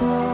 thank you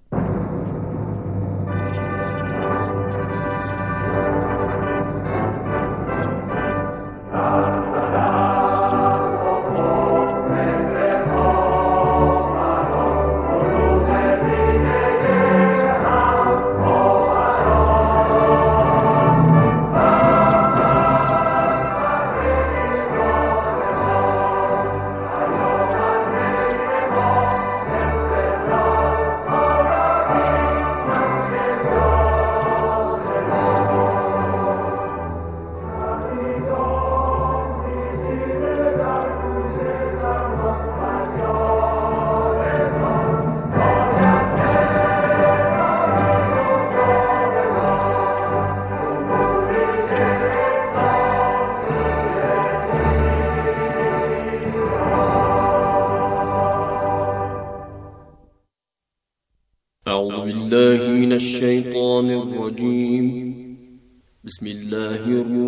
بسم الله الرحمن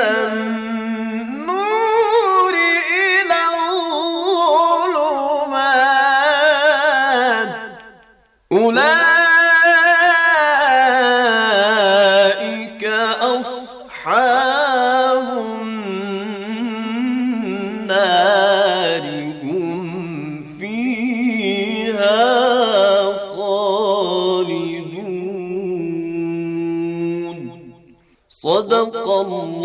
them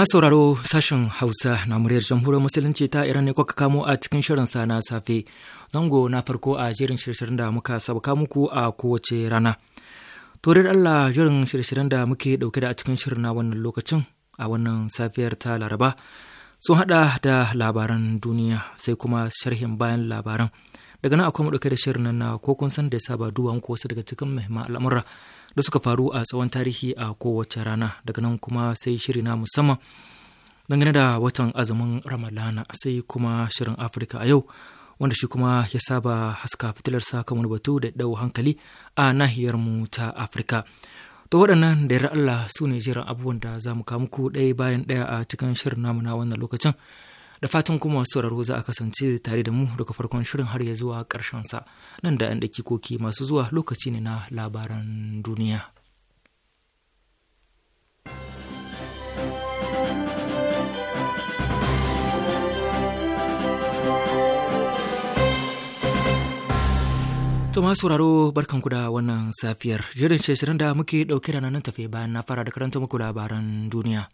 Masu sauraro sashen Hausa na muryar jamhuriyar Musulunci ta Iran ne kuka kamo a cikin shirin sa na safe. Zango na farko a jirin shirin da muka sabuka muku a kowace rana. turin Allah jirin shirin da muke dauke da a cikin shirin na wannan lokacin a wannan safiyar ta Laraba. Sun hada da labaran duniya sai kuma sharhin bayan labaran. Daga nan akwai mu dauke da shirin na ko kun san da ya saba duba muku wasu daga cikin muhimman al'amura. da suka faru a tsawon tarihi a kowace rana daga nan kuma sai shiri na musamman dangane da watan azumin ramalana sai kuma shirin afirka a yau wanda shi kuma ya saba haska fitilar sa kan wani batu da dau hankali a nahiyar mu ta afirka to waɗannan da yarda allah su ne jiran abubuwan da za mu kawo muku ɗaya bayan ɗaya a cikin shirin namu na wannan lokacin da fatan kuma masu sauraro za a kasance tare da mu daga farkon shirin har ya zuwa karshen sa nan da 'yan koki masu zuwa lokaci ne na labaran duniya. To masu sauraro barkanku da wannan safiyar. Jerin shirin da muke ɗauke da nan tafe bayan na fara da karanta muku labaran duniya.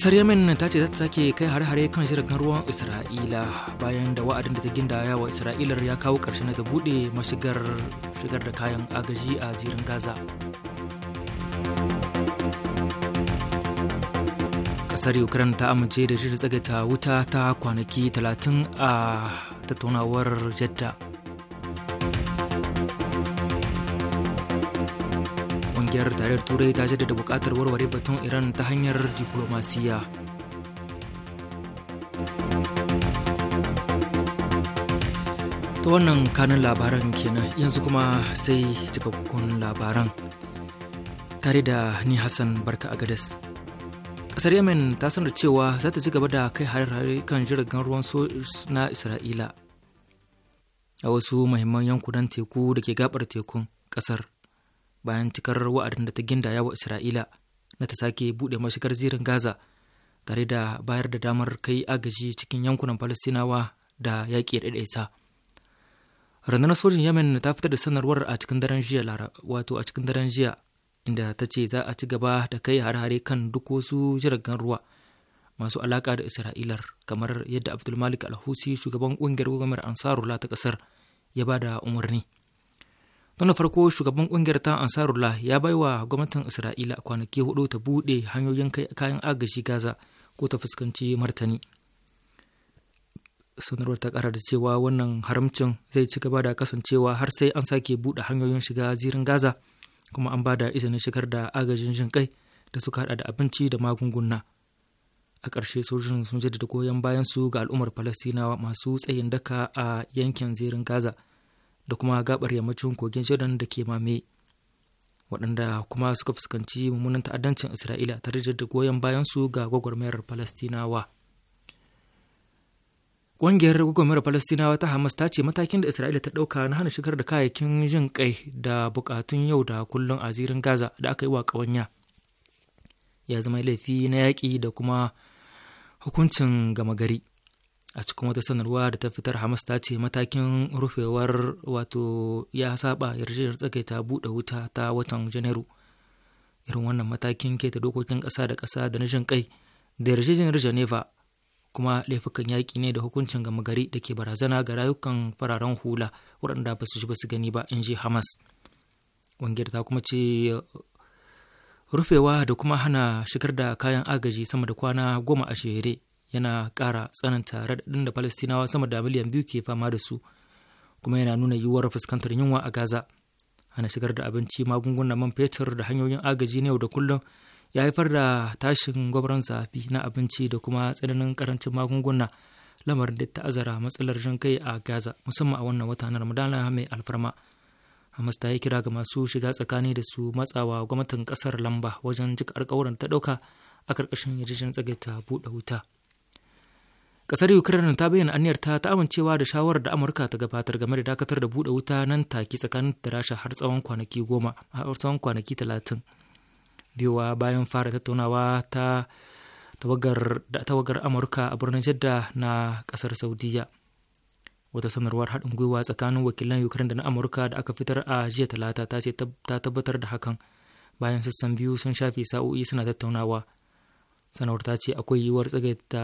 Kasar Yemen ta ce za ta sake kai hare hare kan jiragen ruwan Isra'ila bayan da wa'adin da ta ya wa Isra'ilar ya kawo karshe na ta bude mashigar shigar da kayan agaji a zirin Gaza. Kasar Ukraine ta amince da shirin tsagaita wuta ta kwanaki 30 a tattaunawar Jeddah. kungiyar tarayyar turai ta jaddada buƙatar warware batun iran ta hanyar diplomasiya ta wannan kanun labaran kenan yanzu kuma sai cikakkun labaran tare da ni hassan barka agadas ƙasar yemen ta sanar cewa za ta ci gaba da kai hare-hare kan jiragen ruwan na isra'ila a wasu mahimman yankunan teku da ke gabar tekun ƙasar. bayan cikar wa'adin da ta gindaya wa Isra'ila na ta sake buɗe mashigar zirin Gaza tare da bayar da damar kai agaji cikin yankunan Falastinawa da yaƙi ya daidaita. Rundunar sojin Yemen ta fitar da sanarwar a cikin daren jiya wato a cikin daren jiya inda ta ce za a ci gaba da kai hare-hare kan duk wasu jiragen ruwa masu alaƙa da isra'ila kamar yadda Abdulmalik Alhusi shugaban ƙungiyar gwamnatin Ansarullah ta ƙasar ya ba da umarni. Don farko shugaban kungiyar ta Ansarullah ya baiwa gwamnatin Isra'ila kwanaki hudu ta bude hanyoyin kayan agaji Gaza ko ta fuskanci martani. Sanarwar ta kara da cewa wannan haramcin zai ci gaba da kasancewa har sai an sake bude hanyoyin shiga zirin Gaza kuma an ba da izinin shigar da agajin jin kai da suka hada da abinci da magunguna. a ƙarshe sojojin sun jaddada goyon bayan su ga al'ummar falastinawa masu tsayin daka a yankin zirin gaza da kuma gabar yammacin kogin jordan da ke mame waɗanda kuma suka fuskanci mummunan ta'addancin isra'ila tare da goyon bayan su ga gwagwarmayar falastinawa ƙungiyar gwagwarmayar falastinawa ta hamas ta ce matakin da isra'ila ta ɗauka na hana shigar da kayayyakin jin kai da buƙatun yau da kullum a zirin gaza da aka yi wa ƙawanya ya zama laifi na yaƙi da kuma hukuncin gama gari a cikin wata sanarwa da ta fitar hamas ta ce matakin rufewar wato ya saba yarjejeniyar ta buɗe wuta ta watan janairu irin wannan matakin keta dokokin ƙasa da kasa da na kai da yarjejeniyar geneva kuma laifukan yaƙi ne da hukuncin gama gari da ke barazana ga rayukan fararen hula waɗanda ba su ji ba su gani ba in ji hamas ƙungiyar ta kuma ce rufewa da kuma hana shigar da kayan agaji sama da kwana goma a shere yana ƙara tsananta raɗaɗin da Falastinawa sama da miliyan biyu ke fama da su kuma yana nuna yiwuwar fuskantar yunwa a Gaza. Ana shigar da abinci, magungunan man fetur da hanyoyin agaji na yau da kullum ya haifar da tashin gwamnan zafi na abinci da kuma tsananin karancin magunguna lamarin da ta ta'azara matsalar jin kai a Gaza musamman a wannan wata na Ramadana mai alfarma. Hamas ta yi kira ga masu shiga tsakani da su matsawa gwamnatin kasar lamba wajen jika alkawuran ta ɗauka a ƙarƙashin yarjejen tsagaita buɗe wuta. Kasar Ukraine ta bayyana aniyarta ta amincewa da shawarar da Amurka ta gabatar game da dakatar da buɗe wuta nan take tsakanin da Rasha har tsawon kwanaki goma har tsawon kwanaki talatin. biyuwa bayan fara tattaunawa ta tawagar Amurka a birnin Jadda na kasar Saudiya. Wata sanarwar haɗin gwiwa tsakanin wakilan Ukraine da na Amurka da aka fitar a jiya talata ta ce ta tabbatar da hakan bayan sassan biyu sun shafe sa'o'i suna tattaunawa. sanarwar ta ce akwai yiwuwar tsagaita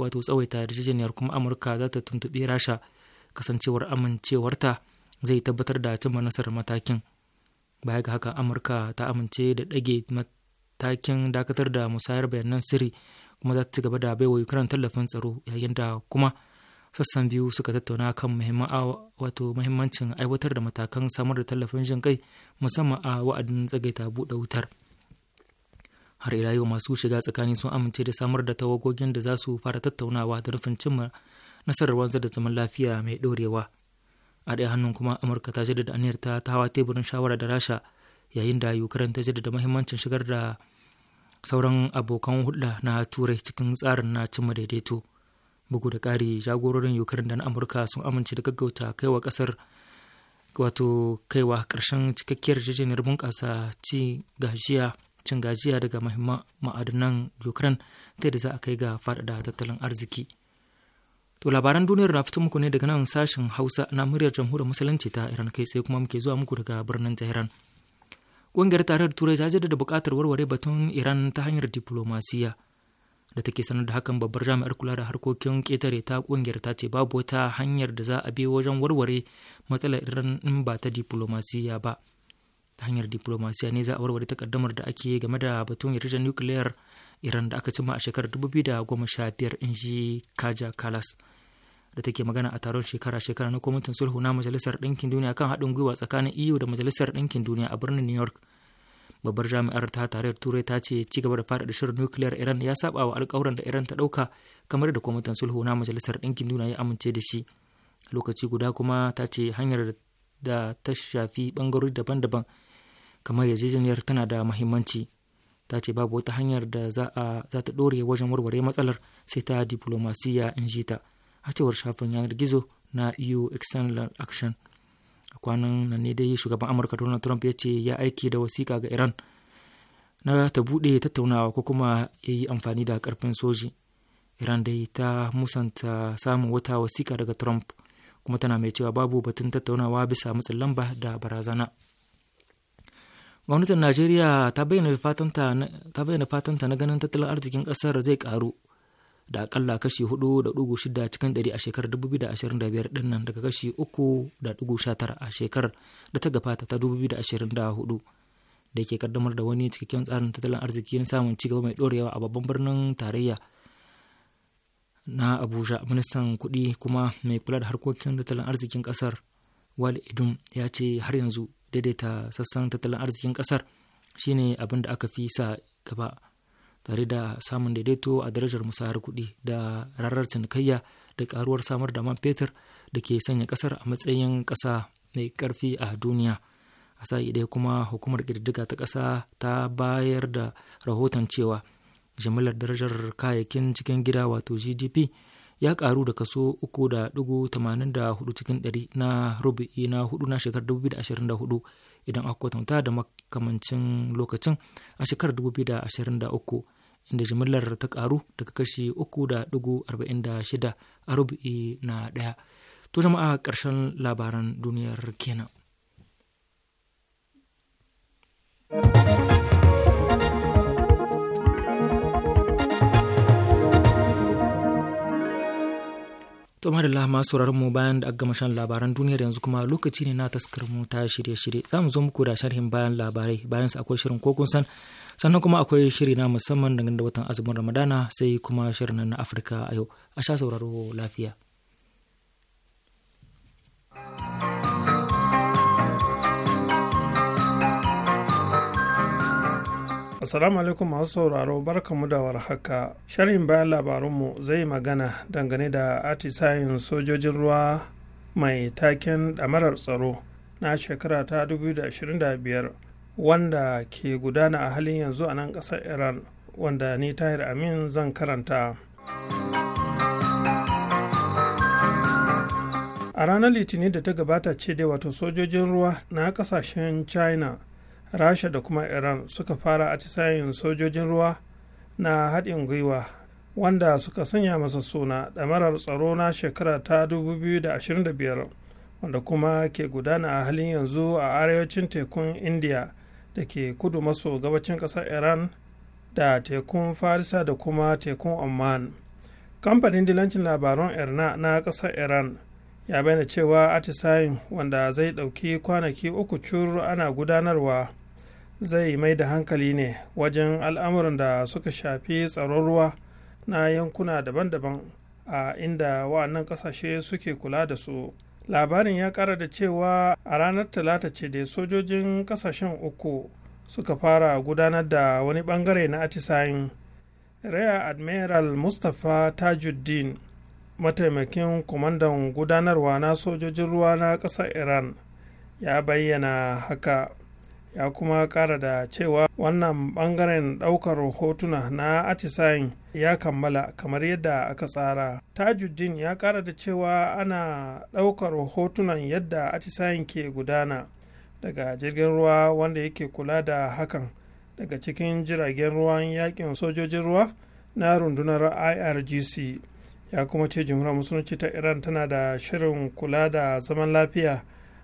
wato tsawaita yarjejeniyar kuma amurka za ta tuntuɓi rasha kasancewar amincewarta zai tabbatar da cimma nasarar matakin baya ga haka amurka ta amince da ɗage matakin dakatar da musayar bayanan sirri kuma za ta ci gaba da baiwa ukraine tallafin tsaro yayin da kuma sassan biyu suka tattauna kan wato muhimmancin aiwatar da matakan samar da tallafin jin kai musamman a wa'adin tsagaita buɗe wutar. har ila yau masu shiga tsakani sun amince da samar da tawagogin da za su fara tattaunawa da nufin cimma nasarar wanzar da zaman lafiya mai ɗorewa a ɗaya hannun kuma amurka ta jaddada aniyar ta hawa teburin shawara da rasha yayin da ukraine ta jaddada mahimmancin shigar da sauran abokan hulɗa na turai cikin tsarin na cimma daidaito bugu da ƙari jagororin ukraine da na amurka sun amince da gaggauta kaiwa ƙasar wato kaiwa ƙarshen cikakkiyar jijiyar bunƙasa ci gajiya. cin gajiya daga mahimman ma'adanan ukraine ta yadda za a kai ga faɗaɗa tattalin arziki to labaran duniyar na fito muku ne daga nan sashen hausa na muryar jamhuriyar musulunci ta iran kai sai kuma muke zuwa muku daga birnin tehran ƙungiyar tarayyar turai ta jaddada buƙatar warware batun iran ta hanyar diplomasiya da take sanar da hakan babbar jami'ar kula da harkokin ƙetare ta ƙungiyar ta ce babu wata hanyar da za a bi wajen warware matsalar iran in ba ta diplomasiya ba ta hanyar diplomasiya ne za a warware takaddamar da ake game da batun yarjejeniyar nukiliyar iran da aka cimma a shekarar 2015 in ji kaja kalas da take magana a taron shekara-shekara na kwamitin sulhu na majalisar ɗinkin duniya kan haɗin gwiwa tsakanin eu da majalisar ɗinkin duniya a birnin new york babbar jami'ar ta tarayyar turai ta ce ci gaba da faɗaɗa shirin nukiliyar iran ya saba wa alƙawuran da iran ta ɗauka kamar da kwamitin sulhu na majalisar ɗinkin duniya ya amince da shi lokaci guda kuma ta ce hanyar da ta shafi ɓangarori daban-daban kamar yarjejeniyar tana da mahimmanci ta ce babu wata hanyar da za ta dore wajen warware matsalar sai ta diplomasiya in ji ta a cewar shafin yanar gizo na eu external action a kwanan nan ne dai shugaban amurka donald trump ya ce ya aiki da wasiƙa ga iran na ta buɗe tattaunawa ko kuma ya yi amfani da ƙarfin soji iran dai ta musanta samun wata wasiƙa daga trump kuma tana mai cewa babu batun tattaunawa bisa matsin lamba da barazana gwamnatin najeriya ta bayyana fatanta na ganin tattalin arzikin ƙasar zai karu da akalla kashi 4.6 cikin 100 a shekarar 2025 din nan daga kashi 3.19 a shekarar da ta gabata ta 2024 da ke kaddamar da wani cikakken tsarin tattalin arziki na samun cigaba mai dorewa a babban birnin tarayya na abuja ministan kuɗi kuma mai kula da harkokin tattalin arzikin ƙasar wal idum ya ce har yanzu daidaita sassan tattalin arzikin ƙasar shine abin da aka fi sa gaba tare da samun daidaito a darajar musayar kuɗi da rarar cinikayya da karuwar samar da man fetur da ke sanya ƙasar a matsayin ƙasa mai ƙarfi a duniya a sa'i ɗaya kuma hukumar ƙididdiga ta ƙasa ta bayar da rahoton cewa jimillar darajar kayayyakin cikin gida wato gdp ya karu da kaso 3.84 cikin 100 na rubi na hudu na shekarar 2024 idan aka kwatanta da makamancin lokacin a shekarar 2023 inda jimillar ta karu daga kashi 3.46 a rubi na daya. To jama'a ƙarshen labaran duniyar kenan. To madalla masu sauraron mu bayan da aka gama shan labaran duniyar yanzu kuma lokaci ne na taskar mu ta shirye-shirye. Za mu zo muku da sharhin bayan labarai bayan akwai shirin ko kun san sannan kuma akwai shiri na musamman dangane da watan azumin Ramadana sai kuma shirin na Afirka a yau. A sha sauraro lafiya. Assalamu alaikum masu sauraro barkamu da warhaka. Sharhin bayan labarunmu zai magana dangane da atisayin sojojin ruwa mai taken ɗamarar tsaro na shekara ta 2025 wanda ke gudana a halin yanzu a nan ƙasar Iran wanda ni Tahir Amin zan karanta. A ranar Litinin da ta gabata ce dai wato sojojin ruwa na ƙasashen China rasha da kuma iran suka fara atisayen sojojin ruwa na haɗin gwiwa wanda suka sanya masa suna ɗamarar tsaro na shekara ta 2025 wanda kuma ke gudana a halin yanzu a arewacin tekun india da ke kudu maso gabacin ƙasar iran da tekun farisa da kuma tekun oman kamfanin dilancin labaran irna na ƙasar iran ya bayyana cewa atisayin wanda zai ɗauki kwanaki uku cur ana gudanarwa zai mai da hankali ne wajen al'amuran da suka shafi tsaron ruwa na yankuna daban-daban a inda wa'annan ƙasashe suke kula da su labarin ya ƙara da cewa a ranar talata ce da sojojin ƙasashen uku suka fara gudanar da wani ɓangare na atisayin rear admiral mustapha tajuddin mataimakin kwamandan gudanarwa na sojojin ruwa na ƙasar iran ya bayyana haka ya kuma ƙara da cewa wannan ɓangaren ɗaukar hotuna na atisayin ya kammala kamar yadda aka tsara tajuddin ya ƙara da cewa ana ɗaukar hotunan yadda atisayin ke gudana daga jirgin ruwa wanda yake kula da hakan daga cikin jiragen ruwan yakin sojojin ruwa na rundunar irgc ya kuma ce jimura musulunci ta iran tana da shirin kula da zaman lafiya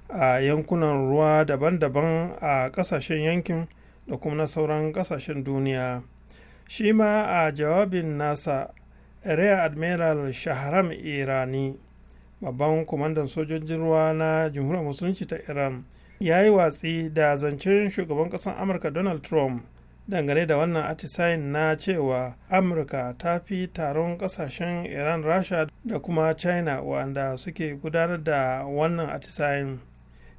a yankunan ruwa daban-daban a kasashen yankin da kuma na sauran kasashen duniya shi ma a jawabin nasa area admiral shahram irani babban kwamandan sojojin ruwa na jimura musulunci ta iran ya yi watsi da zancen shugaban kasan amurka donald trump dangane da wannan atisayin na cewa amurka ta fi taron kasashen iran rasha da kuma china wanda suke gudanar da wannan atisayin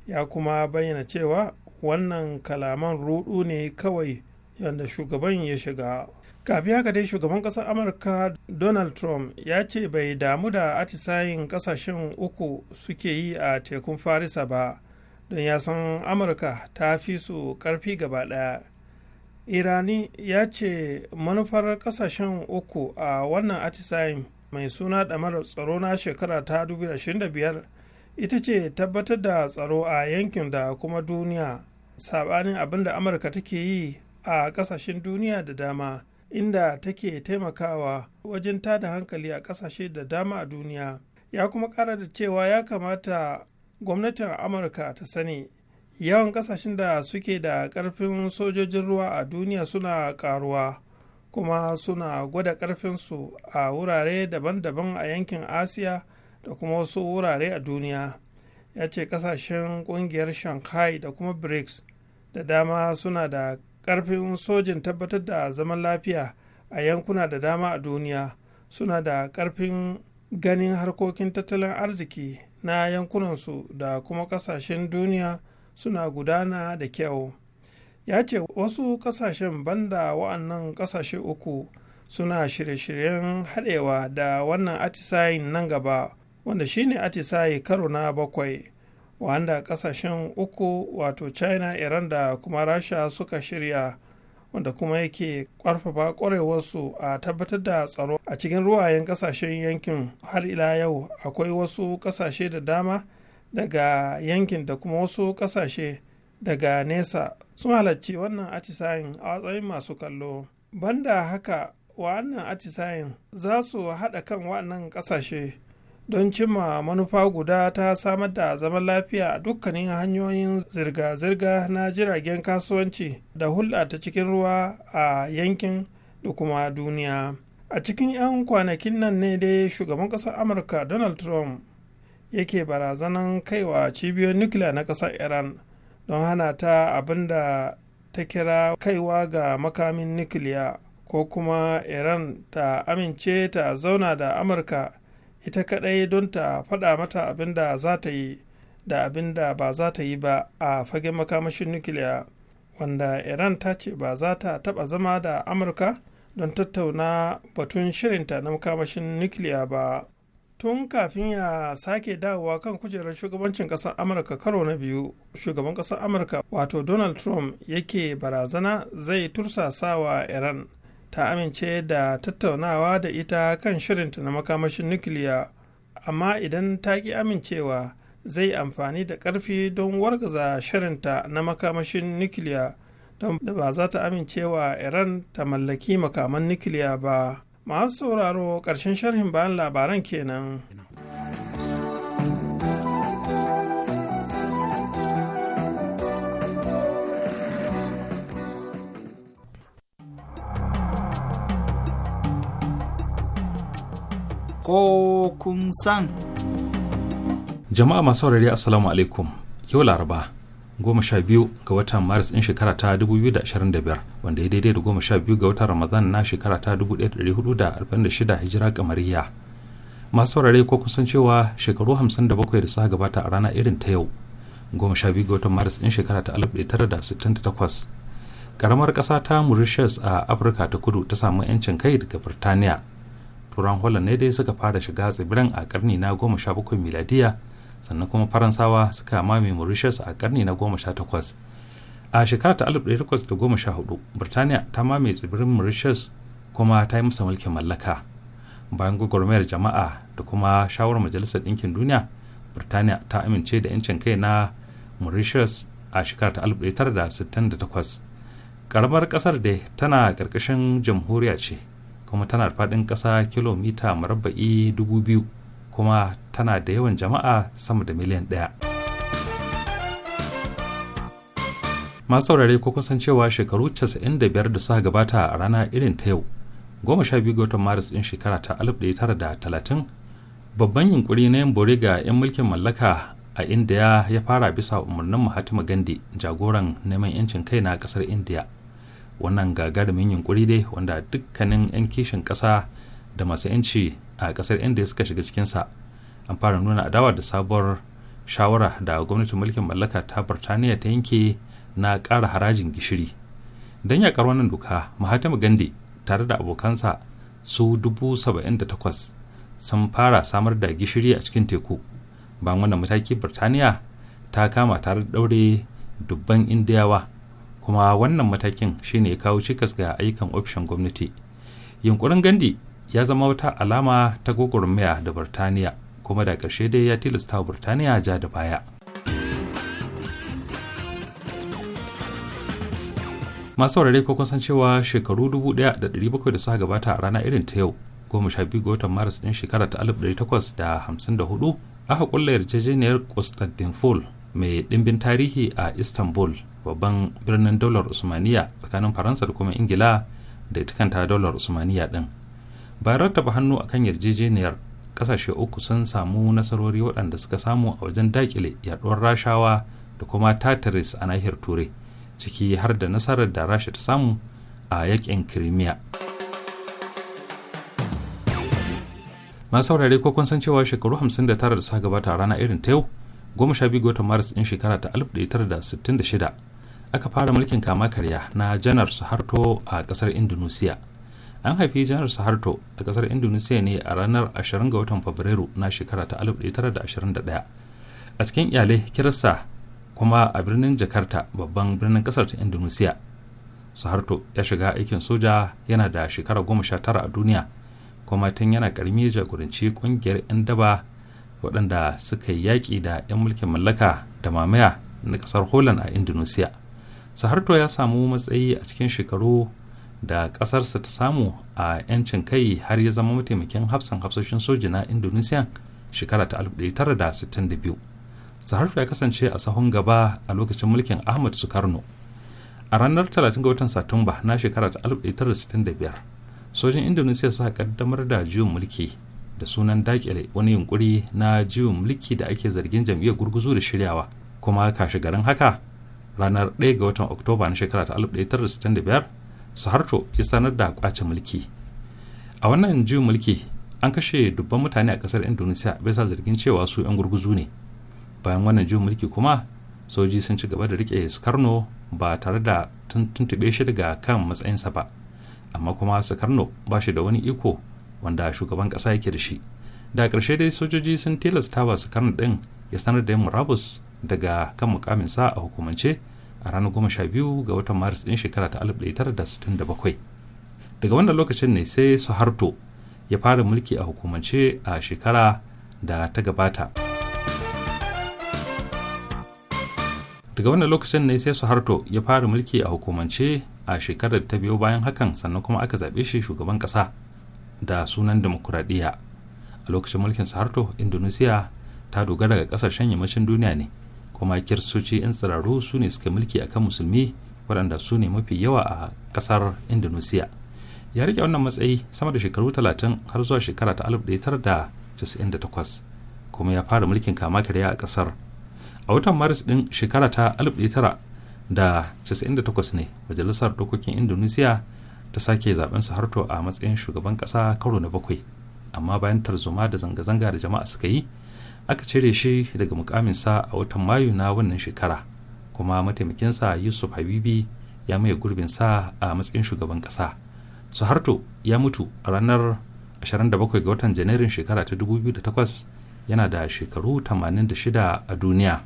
ya kuma bayyana cewa wannan kalaman rudu ne kawai yadda shugaban ya shiga kafin haka dai shugaban kasar amurka donald trump ya ce bai damu da atisayin kasashen uku suke yi a tekun farisa ba don ya san amurka ta fi su karfi gaba daya irani ya ce manufar kasashen uku a wannan atisayin mai suna damar tsaro na shekara ta 2025 ita ce tabbatar da tsaro a yankin da kuma duniya sabanin abin da amurka take yi a kasashen duniya da dama inda take taimakawa wajen tada hankali a kasashe da dama a duniya ya kuma kara da cewa ya kamata gwamnatin amurka ta sani yawan kasashen da suke da karfin sojojin ruwa a duniya suna karuwa kuma suna gwada karfinsu a wurare daban-daban a yankin asiya da kuma wasu wurare a duniya ya ce kasashen kungiyar shanghai da kuma brics da dama suna da karfin sojin tabbatar da zaman lafiya a yankuna da dama a duniya suna da karfin ganin harkokin tattalin arziki na yankunansu da kuma kasashen duniya suna gudana da kyau ya ce wasu kasashen banda wa'annan kasashe uku suna shirye-shiryen haɗewa da wannan atisayin nan gaba wanda shine atisayi karo na bakwai wanda kasashen uku wato china iran da kuma rasha suka shirya wanda kuma yake ƙarfafa ƙwarewarsu a tabbatar da tsaro a cikin ruwayen kasashen yankin har ila yau akwai wasu kasashe da dama daga yankin da kuma wasu ƙasashe daga nesa sun halarci wannan atisayin a matsayin masu kallo banda haka wa'annan atisayin za su haɗa kan wannan ƙasashe don cimma manufa guda ta samar da zaman lafiya a dukkanin hanyoyin zirga-zirga na jiragen kasuwanci da hulɗa ta cikin ruwa a yankin da kuma duniya a cikin 'yan kwanakin nan ne dai shugaban ƙasar amurka donald trump yake barazanan kaiwa cibiyoyin nukiliya na ƙasar iran don hana ta abin da ta kira kaiwa ga makamin nukiliya ko kuma iran ta amince ta zauna da amurka ita kadai don ta fada mata abin da za ta yi da abin da ba za ta yi ba a fagen makamashin nukiliya wanda iran ta ce ba za ta taɓa zama da amurka don tattauna batun shirinta na makamashin nukiliya ba tun kafin ya sake dawowa kan kujerar shugabancin ƙasar amurka karo na biyu shugaban ƙasar amurka wato donald trump yake barazana zai tursasawa iran ta amince da tattaunawa da ita kan shirinta na makamashin nukiliya amma idan ta ki amincewa zai amfani da ƙarfi don wargaza shirinta na makamashin nukiliya don da ba za ta amincewa iran ta mallaki makaman nukiliya ba masu sauraro ƙarshen sharhin bayan labaran kenan. Ko kun san. Jama'a masu saurari Assalamu alaikum, yau Laraba. goma sha biyu ga watan maris ɗin shekara ta 2025 wanda ya daidai da goma sha biyu ga watan ramadan na shekara ta 1446 hijira kamariya masu saurare ko kusan cewa shekaru 57 da suka gabata a rana irin ta yau goma sha biyu ga watan maris ɗin shekara ta 1968 karamar ƙasa ta mauritius a afirka ta kudu ta samu 'yancin kai daga birtaniya turan holland ne dai suka fara shiga tsibirin a karni na goma sha bakwai miladiya sannan kuma faransawa suka mame mauritius a karni na goma sha takwas a shekara ta 1814 birtaniya ta mame tsibirin mauritius kuma ta yi masa mulkin mallaka bayan gwagwarmayar jama'a da kuma shawarar majalisar ɗinkin duniya birtaniya ta amince da 'yancin kai na mauritius a shekara ta 1968 karamar kasar da tana ƙarƙashin jamhuriya ce kuma tana da faɗin ƙasa kilomita dubu 2000 kuma tana da yawan jama'a sama da miliyan ɗaya. masu saurare ko kusan cewa shekaru 95 da suka gabata a rana irin ta yau goma sha biyu ga watan maris ɗin shekara ta 1930 babban yunkuri na yin bore ga 'yan mulkin mallaka a indiya ya fara bisa umarnin mahatma gandhi jagoran neman 'yancin kai na kasar indiya wannan gagarumin yunkuri dai wanda dukkanin 'yan kishin ƙasa da masu 'yanci a kasar indiya suka shiga cikinsa an fara nuna adawa da sabuwar shawara da gwamnatin mulkin mallaka ta birtaniya ta yanke na ƙara harajin gishiri don yakar wannan doka mahatma gandhi tare da abokansa su takwas sun fara samar da gishiri a cikin teku bayan wannan mataki birtaniya ta kama tare da ɗaure dubban indiyawa kuma wannan matakin shine ya kawo cikas ga ayyukan ofishin gwamnati yunkurin gandi ya zama wata alama ta gwagwarmaya da birtaniya kuma da ƙarshe dai ya tilasta burtaniya ja da baya masu warare ko kusan cewa shekaru 1,700 da suka gabata a rana irin ta yau goma sha biyu ga watan maris ɗin shekara ta 1854 aka ƙulla yarjejeniyar constantinople mai ɗimbin tarihi a istanbul babban birnin daular usmaniya tsakanin faransa da kuma ingila da ita kanta daular usmaniya din bayan rattaba hannu akan yarjejeniyar kasashe uku sun samu nasarori waɗanda suka samu a wajen dakile yaduwar rashawa da kuma tataris a nahiyar turai ciki har da nasarar da rasha ta samu a yakin kirimiya masu saurare ko kun san cewa shekaru 59 da suka gabata a rana irin ta yau goma sha biyu ga maris ɗin shekara ta 1966 aka fara mulkin kama karya na janar suharto a ƙasar indonesia an haifi jihar saharto a kasar indonesia ne a ranar 20 ga watan fabrairu na shekara ta 1921 a cikin iyalai kirista kuma a birnin jakarta babban birnin kasar ta indonesia saharto ya shiga aikin soja yana da shekara 19 a duniya kuma tun yana karmi jagoranci kungiyar 'yan daba waɗanda suka yi yaƙi da 'yan mulkin mallaka da mamaya na ƙasar holland a indonesia saharto ya samu matsayi a cikin shekaru da ƙasarsa ta samu a 'yancin kai har ya zama mataimakin hafsan hafsoshin soji na Indonesia shekara ta 1962 zaharto ya kasance a sahun gaba a lokacin mulkin ahmad sukarno a ranar 30 ga watan satumba na shekara ta 1965 sojin Indonesia suka kaddamar da juyin mulki da sunan dakile wani yunkuri na juyin mulki da ake zargin jam'iyyar gurguzu da shiryawa kuma ka garin haka ranar 1 ga watan oktoba na shekara ta 1965 suharto ya sanar da kwace mulki a wannan juyin mulki an kashe dubban mutane a kasar indonesia bisa zargin cewa su 'yan gurguzu ne bayan wannan juyin mulki kuma soji sun ci gaba da rike sukarno ba tare da tuntuɓe shi daga kan matsayinsa ba amma kuma sukarno ba shi da wani iko wanda shugaban ƙasa yake da shi da karshe dai sojoji sun tilasta wa sukarno ɗin ya sanar da yin murabus daga kan mukaminsa a hukumance a ranar goma sha biyu ga watan maris ɗin shekara ta alif da da bakwai daga wannan lokacin ne sai suharto ya fara mulki a hukumance a shekara da ta gabata daga wannan lokacin ne sai suharto ya fara mulki a hukumance a shekarar ta biyo bayan hakan sannan kuma aka zaɓe shi shugaban ƙasa da sunan demokuraɗiyya a lokacin mulkin suharto indonesia ta dogara ga ƙasashen yammacin duniya ne kuma kirsoci 'yan tsiraru su ne suka mulki akan musulmi waɗanda su ne mafi yawa a ƙasar indonesia ya rike wannan matsayi sama da shekaru 30 har zuwa shekara ta 1998 kuma ya fara mulkin kama karya a ƙasar a watan maris ɗin shekara ta 1998 ne majalisar dokokin indonesia ta sake zaben harto a matsayin shugaban ƙasa karo na bakwai amma bayan tarzoma da zanga-zanga da jama'a suka yi aka cire shi daga mukaminsa a watan mayu na wannan shekara kuma mataimakinsa yusuf habibi ya maye gurbinsa a matsayin shugaban ƙasa suharto ya mutu a ranar 27 ga watan janairun shekara ta 2008 yana da shekaru 86 a duniya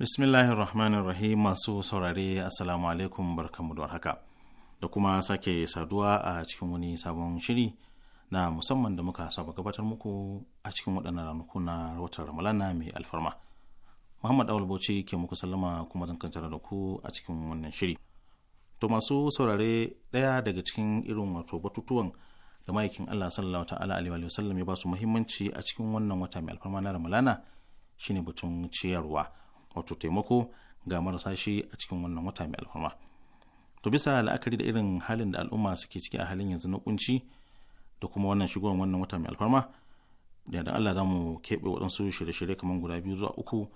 Bismillahir Rahmanir Rahim masu saurare Assalamu alaikum barkamu da haka da kuma sake saduwa a cikin wani sabon shiri na musamman da muka saba gabatar muku a cikin waɗannan ranaku na watan Ramalana mai alfarma. Muhammad Awul Bauchi ke muku sallama kuma zan kantara da ku a cikin wannan shiri. To masu saurare ɗaya daga cikin irin wato batutuwan da ma'aikin Allah sallallahu ta'ala alaihi wa sallam ya ba su muhimmanci a cikin wannan wata mai alfarma na Ramalana shine batun ciyarwa. wato taimako ga marasa shi a cikin wannan wata mai alfarma to bisa la'akari da irin halin da al'umma suke ciki a halin yanzu na kunci da kuma wannan shigowar wannan wata mai alfarma da da Allah za mu keɓe waɗansu shirye-shirye kamar guda biyu zuwa uku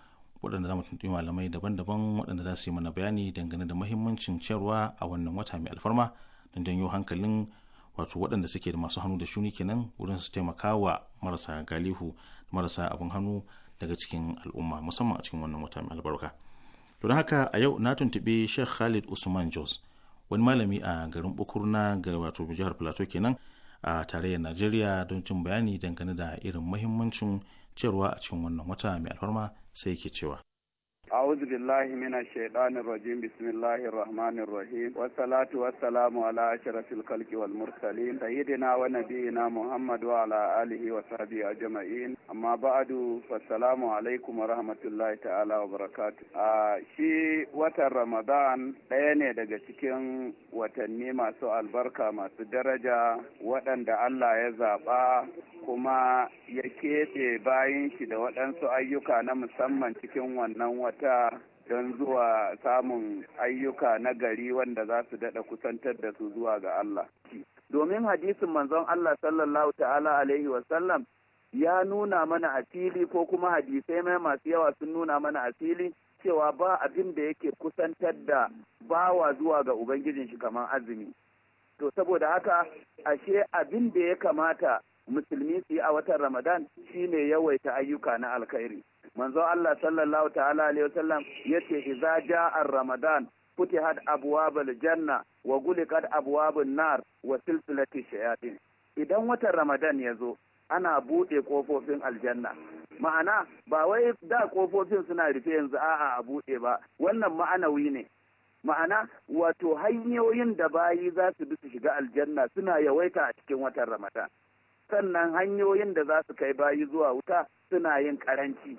waɗanda za mu tuntuɓi malamai daban-daban waɗanda za su yi mana bayani dangane da mahimmancin ciyarwa a wannan wata mai alfarma don janyo hankalin wato waɗanda suke da masu hannu da shuni kenan wurin su taimaka wa marasa galihu marasa abin hannu daga cikin al'umma musamman a cikin wannan wata mai albarka to don haka a yau na tuntuɓi sheikh khalid usman jos wani malami a garin bukur ga wato jihar plateau kenan a tarayyar najeriya don cin bayani dangane da irin muhimmancin cewa a cikin wannan wata mai alfarma sai yake cewa أعوذ بالله من الشيطان الرجيم بسم الله الرحمن الرحيم والصلاة والسلام على أشرف الخلق والمرسلين سيدنا ونبينا محمد وعلى آله وصحبه أجمعين أما بعد فالسلام عليكم ورحمة الله تعالى وبركاته آه شي وتر رمضان دقا شكين cikin watanni سؤال بركة ما سدرجة waɗanda دعا الله يزابا kuma ya keɓe bayan shi da waɗansu ayyuka na musamman cikin wannan wata ta don zuwa samun ayyuka na gari wanda za su daɗa kusantar da su zuwa ga Allah. Domin hadisin manzon Allah sallallahu ta'ala alaihi wasallam ya nuna mana asili ko kuma hadisai mai masu yawa sun nuna mana asili cewa ba abin da yake kusantar da bawa zuwa ga Ubangijin shi kamar azumi. To saboda haka ashe abin da ya kamata musulmi su yi a watan Ramadan shine yawaita ayyuka na alkhairi. manzon Allah sallallahu ta'ala alaihi wasallam yace idza jaa ramadan futihat abwabul janna wa guliqat abwabun nar wa silsilati shayatin idan watan ramadan ya zo ana buɗe kofofin aljanna ma'ana ba wai da kofofin suna rufe yanzu a'a a bude ba wannan ma'anawi ne ma'ana wato hanyoyin da bayi za su bi su shiga aljanna suna yawaita a cikin watan ramadan sannan hanyoyin da za su kai bayi zuwa wuta suna yin karanci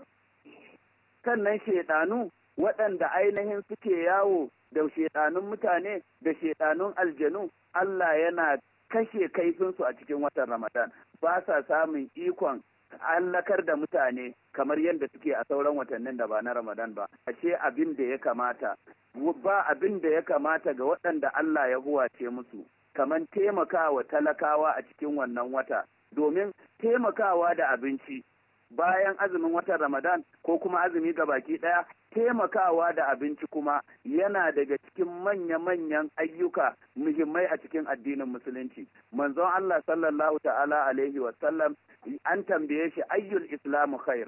sannan shaiɗanu waɗanda ainihin suke yawo da shaiɗanun mutane da shaiɗanun aljanu Allah yana kashe kaifinsu a cikin watan Ramadan ba sa samun ikon allakar da mutane kamar yadda suke a sauran watannin da ba na Ramadan ba ashe abin da ya kamata ba abin da ya kamata ga waɗanda Allah ya huwace musu kamar taimakawa talakawa a cikin wannan wata domin taimakawa da abinci bayan azumin watan Ramadan ko kuma azumi ga baki ɗaya taimakawa da abinci kuma yana daga cikin manya-manyan ayyuka muhimmai a cikin addinin musulunci manzon Allah sallallahu ta'ala alaihi wasallam an tambaye shi ayyul islamu khair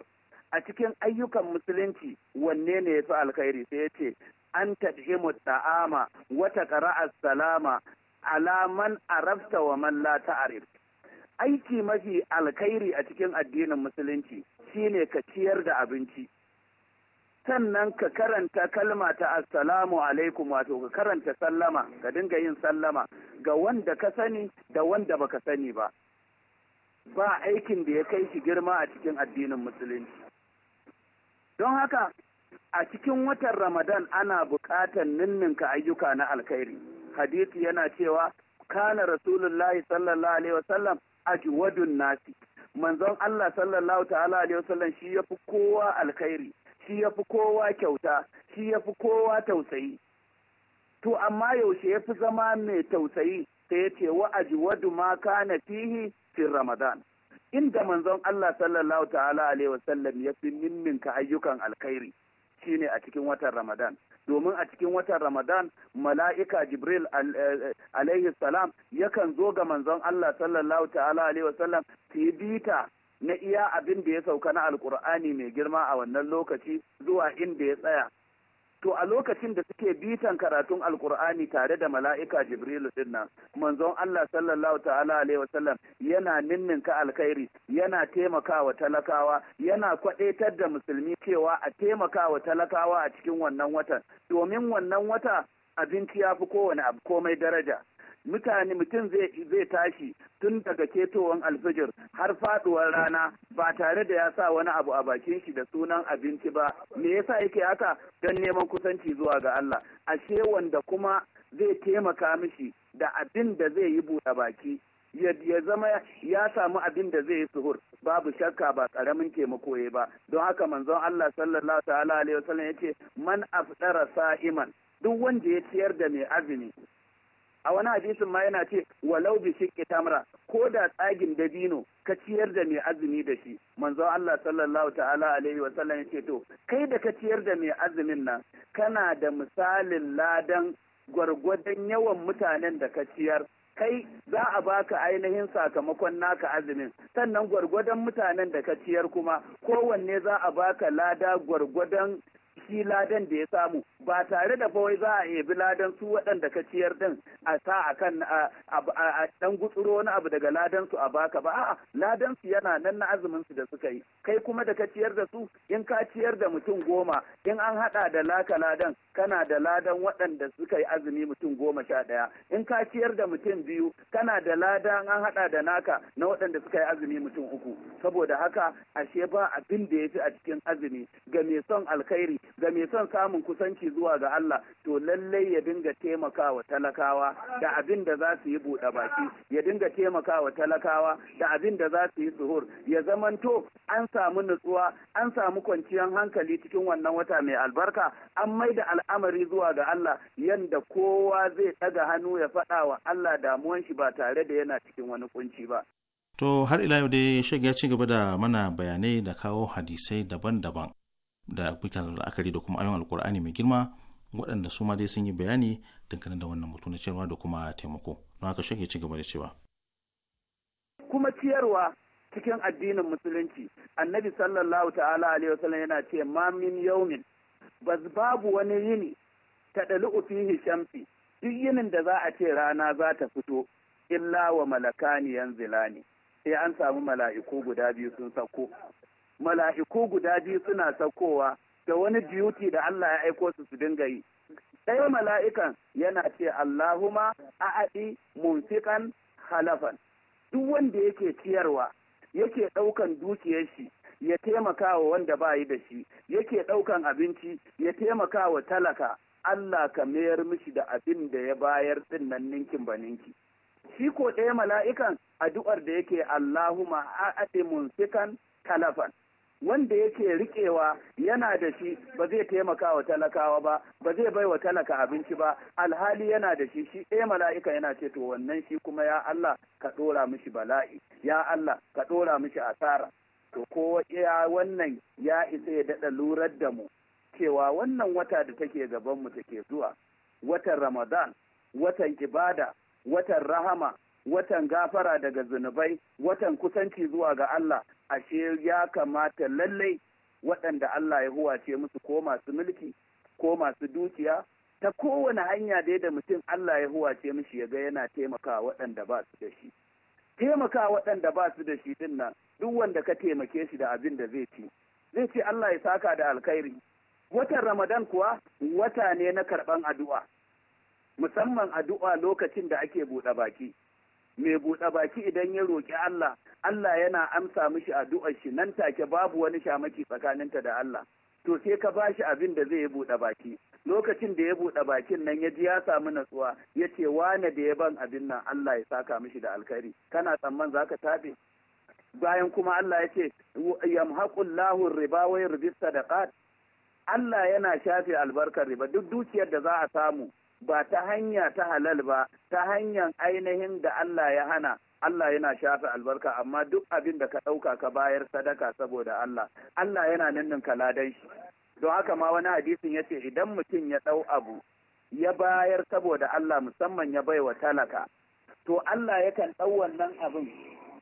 a cikin ayyukan musulunci wanne ne ya fi alkhairi sai ya ce an tadhimu ta'ama wata qara'a salama alaman arafta wa man la ta'rif aiki mafi alkhairi a cikin addinin musulunci shine ka ciyar da abinci sannan ka karanta kalma ta assalamu alaikum wato ka karanta sallama ka dinga yin sallama ga wanda ka sani da wanda baka sani ba ba aikin da ya kai shi girma a cikin addinin musulunci don haka a cikin watan ramadan ana buƙatar ninninka ayyuka na alkhairi hadisi yana cewa kana rasulullahi sallallahu alaihi wasallam wadun nasi manzon Allah sallallahu ta'ala alaihi wasallam shi yafi kowa alkhairi shi yafi kowa kyauta shi yafi kowa tausayi to amma yaushe yafi zama mai tausayi sai ya ce wa ajwadu ma kana fihi fi ramadan inda manzon Allah sallallahu ta'ala alaihi wasallam ya fi ninninka ayyukan alkhairi shine a cikin watan ramadan domin a cikin watan Ramadan mala'ika Jibril eh, eh, alaihi salam yakan zo ga manzon Allah sallallahu ta'ala alaihi wasallam bita na iya abin da ya sauka na alkur'ani mai girma a wannan lokaci zuwa inda ya tsaya to a lokacin da suke bitan karatun alkur'ani tare da mala'ika jibrilu din nan manzon Allah sallallahu ta'ala alaihi wasallam yana ninninka alkhairi yana taimakawa talakawa yana kwadaitar da musulmi cewa a taimakawa talakawa a cikin wannan watan domin wannan wata abinci ya fi kowane abu komai daraja mutane mutum zai tashi tun daga ketowar alfijir har faduwar rana ba tare da ya sa wani abu a bakin shi da sunan abinci ba me yasa yake haka don neman kusanci zuwa ga Allah ashe wanda kuma zai taimaka mishi da abin da zai yi buɗe baki ya zama ya samu abin da zai yi suhur babu shakka ba karamin taimako ya ba don haka manzon Allah sallallahu ta'ala alaihi wasallam yace man afdara sa'iman duk wanda ya ciyar da mai azumi a wani hadisin ma yana ce walau bi shiqqi tamra ko da tsagin dabino ka ciyar da mai azumi da shi manzo Allah sallallahu ta'ala alaihi wa sallam yace to kai da ka ciyar da mai azumin nan kana da misalin ladan gwargwadon yawan mutanen da ka ciyar kai za a baka ainihin sakamakon naka azumin sannan gwargwadon mutanen da ka ciyar kuma kowanne za a baka lada gwargwadon shi ladan da ya samu ba tare da bawai za a ebi ladan su waɗanda ka ciyar din a sa a kan a ɗan gutsuro wani abu daga ladan su a baka ba a'a ladan su yana nan na azumin su da suka yi kai kuma da ka ciyar da su in ka ciyar da mutum goma in an haɗa da laka ladan kana da ladan waɗanda suka yi azumi mutum goma sha ɗaya in ka ciyar da mutum biyu kana da ladan an haɗa da naka na waɗanda suka yi azumi mutum uku saboda haka ashe ba abin da ya fi a cikin azumi ga mai son alkhairi ga mai son samun kusanci zuwa ga Allah to lallai ya dinga taimakawa talakawa da abin da za su yi buɗe baki ya dinga taimakawa talakawa da abin da za su yi suhur ya zamanto an samu nutsuwa an samu kwanciyar hankali cikin wannan wata mai albarka an mai da al'amari zuwa ga Allah yanda kowa zai ɗaga hannu ya faɗa wa Allah damuwan shi ba tare da yana cikin wani kunci ba. To har ila yau dai shag ya ci gaba da mana bayanai da kawo hadisai daban-daban da kuke la'akari da kuma ayon alkur'ani mai girma waɗanda su ma dai sun yi bayani dangane da wannan mutu na ciyarwa da kuma taimako don haka shake ci gaba da cewa kuma ciyarwa cikin addinin musulunci annabi sallallahu ta'ala alaihi wasallam yana ce ma min yaumin bas babu wani yini ta dalu fihi shamsi duk yinin da za a ce rana za ta fito illa wa malakani yanzilani sai an samu mala'iku guda biyu sun sauko mala'iku guda biyu suna saukowa da wani duty da Allah ya aiko su su dinga yi ɗaya mala'ikan yana ce Allahuma a'adi munfiqan halafan duk wanda yake ciyarwa yake ɗaukan dukiyar shi ya taimaka wa wanda ba yi da shi yake ɗaukan abinci ya taimaka wa talaka Allah ka mayar mishi da abin da ya bayar din nan ninkin ba shi ko ɗaya mala'ikan addu'ar da yake Allahuma a'adi munfiqan talafan wanda yake rikewa yana da shi ba zai taimaka wa talakawa ba ba zai bai wa talaka abinci ba alhali yana da shi shi ɗaya mala'ika yana ce to wannan shi kuma ya Allah ka ɗora mishi bala'i ya Allah ka ɗora mishi asara to ko ya wannan ya isa ya daɗa lurar da mu cewa wannan wata da take gaban mu take zuwa watan Ramadan watan ibada watan rahama watan gafara daga zunubai watan kusanci zuwa ga Allah ashe ya kamata lallai waɗanda Allah ya huwace musu ko masu mulki ko masu dukiya ta kowane hanya dai da mutum Allah ya huwace mishi ya ga yana taimaka waɗanda ba su da shi. Taimaka waɗanda ba su da shi din nan duk wanda ka taimake shi da abin da zai ci. Zai ce Allah ya saka da alkhairi. Watan Ramadan kuwa wata ne na karɓan addu'a. Musamman addu'a lokacin da ake buɗe baki. mai buɗe baki idan ya roƙi Allah Allah yana amsa mishi addu'ar shi nan take babu wani shamaki tsakaninta da Allah to sai ka bashi abin da zai buɗe baki lokacin da ya buɗe bakin nan ya ji ya samu natsuwa ya ce wane da ya ban abin nan Allah ya saka mishi da alkhairi kana tsamman za ka tabe bayan kuma Allah ya ce Lahur riba wa yurbi sadaqat Allah yana shafe albarkar riba duk dukiyar da za a samu ba ta hanya ta halal ba ta hanyar ainihin da Allah ya hana Allah yana shafe albarka amma duk abin da ka ɗauka ka bayar sadaka saboda Allah Allah yana ninninka kaladan shi don haka ma wani hadisin ya ce idan mutum ya ɗau abu ya bayar saboda Allah musamman ya baiwa talaka to Allah yakan ɗau wannan abin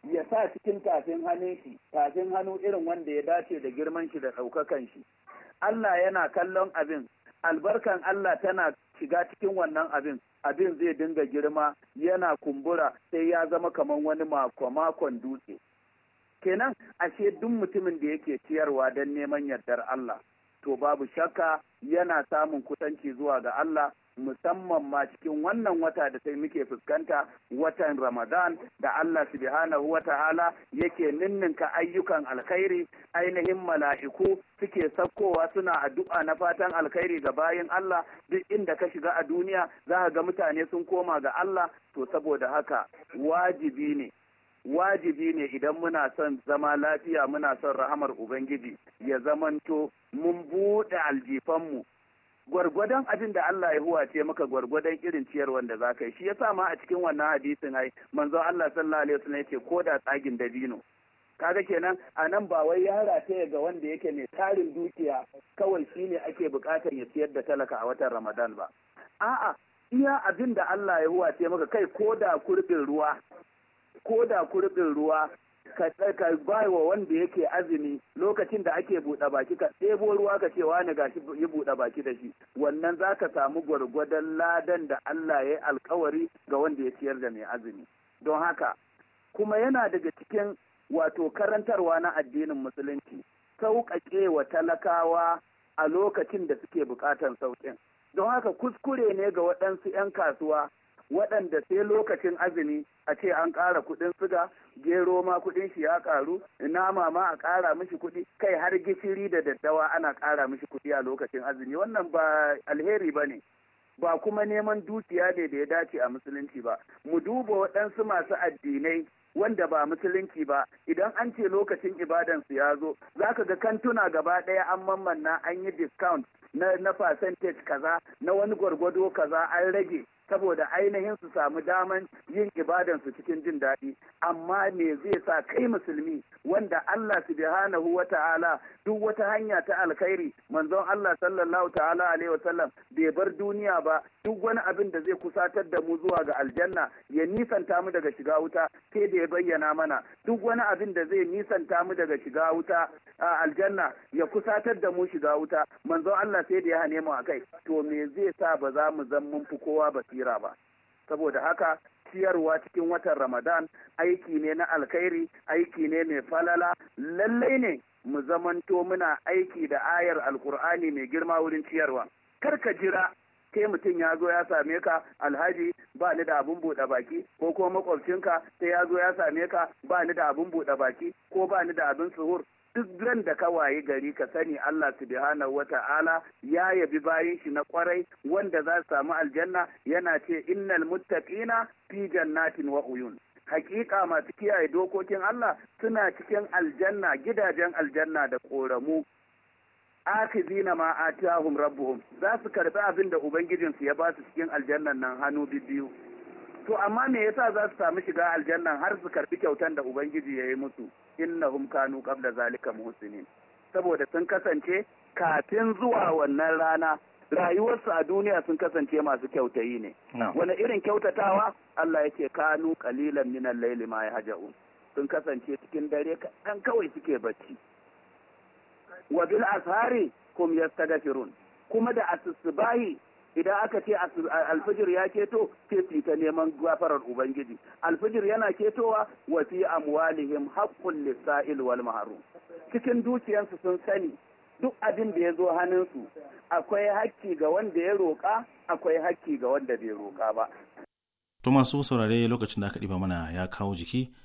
ya sa cikin tafin hannun shi tafin hannu irin wanda ya dace da girman shi da ɗaukakan shi Allah yana kallon abin albarkan Allah tana shiga cikin wannan abin abin zai dinga girma yana kumbura sai ya zama kamar wani makon dutse kenan ashe duk mutumin da yake ciyarwa don neman yardar Allah to babu shakka yana samun kusanci zuwa ga Allah musamman ma cikin wannan wata da sai muke fuskanta watan Ramadan da Allah subhanahu wa ta'ala yake ninninka ayyukan alkhairi ainihin mala'iku suke saukowa suna addu'a na fatan alkhairi ga bayin Allah duk inda ka shiga a duniya za ga mutane sun koma ga Allah to saboda haka wajibi ne wajibi ne idan muna son zama lafiya muna son rahamar Ubangiji ya zamanto mun buɗe aljifanmu gwargwadon abin da Allah ya ce maka gwargwadon irin ciyar wanda za ka yi shi ya sa ma a cikin wannan hadisin ai manzo Allah sallallahu alaihi wasallam yace ko da tsagin dabino kaga kenan a nan ba wai yara ta ga wanda yake mai tarin dukiya kawai shi ne ake bukatar ya ciyar da talaka a watan Ramadan ba a'a iya abin da Allah ya ce maka kai ko da kurbin ruwa ko da kurbin ruwa ka ka wa wanda yake azumi lokacin da ake buɗe baki ka ɗebo ruwa ka ce wani gashi yi buɗe baki da shi wannan za ka samu gwargwadon ladan da Allah ya yi alkawari ga wanda ya ciyar da mai azumi don haka kuma yana daga cikin wato karantarwa na addinin musulunci sauƙaƙe wa talakawa a lokacin da suke buƙatan sauƙin don haka kuskure ne ga waɗansu 'yan kasuwa waɗanda sai lokacin azumi a ce an ƙara kuɗin suga gero ma kuɗin shi ya ƙaru nama ma a ƙara mishi kuɗi kai har gishiri da daddawa ana ƙara mishi kuɗi a lokacin azumi wannan ba alheri ba ne ba kuma neman dukiya ne da ya dace a musulunci ba mu duba waɗansu masu addinai wanda ba musulunci ba idan an ce lokacin ibadansu ya zo za ka ga kantuna gaba ɗaya an mammanna an yi discount na percentage kaza na wani gwargwado kaza an rage saboda ainihin su samu daman yin su cikin jin daɗi amma me zai sa kai musulmi wanda Allah subhanahu wa ta'ala duk wata hanya ta alkhairi manzon Allah sallallahu ta'ala alaihi wa sallam bai bar duniya ba duk wani abin da zai kusatar da mu zuwa ga aljanna ya nisanta mu daga shiga wuta sai da ya bayyana mana duk wani abin da zai nisanta mu daga shiga wuta a aljanna ya kusatar da mu shiga wuta manzon Allah sai da ya hane mu akai to me zai sa ba za mu zan mun fi kowa ba basira ba saboda haka ciyarwa cikin watan ramadan aiki ne na alkhairi aiki ne mai falala lallai ne mu zamanto muna aiki da ayar alkur'ani mai girma wurin ciyarwa kar ka jira ke mutum ya zo ya same ka alhaji ba ni da abin buɗe baki ko kuma makwabcinka sai ya zo ya same ka ba ni da abin buɗe baki ko ba ni da abin suhur duk ran da ka wayi gari ka sani Allah Su subhanahu wata'ala ya yabi bayan shi na kwarai wanda za su samu aljanna yana ce innal muttaqina fi jannatin wa uyun hakika masu kiyaye dokokin Allah suna cikin aljanna gidajen aljanna da koramu akizina ma atahum rabbuhum za su karbi abin da ubangijinsu ya ba su cikin aljannan nan hannu biyu to amma me yasa za su samu shiga aljannan har su karɓi kyautan da ubangiji ya yi musu innahum kanu qabla zalika muhsinin saboda sun kasance kafin zuwa wannan rana rayuwarsu a duniya sun kasance masu kyautayi ne wani irin kyautatawa Allah yake kanu qalilan min al-layli ma yahja'un sun kasance cikin dare kaɗan kawai suke bacci wa bil ashari kum yastaghfirun kuma da asubahi idan aka ce alfijir ya keto sai ta neman gafarar ubangiji alfijir yana ketowa wa fi amwalihim haqqul lisa'il wal mahrum cikin dukiyansu sun sani duk abin da ya zo hannunsu akwai hakki ga wanda ya roƙa akwai hakki ga wanda bai roƙa ba to masu saurare lokacin da aka ɗiba mana ya kawo jiki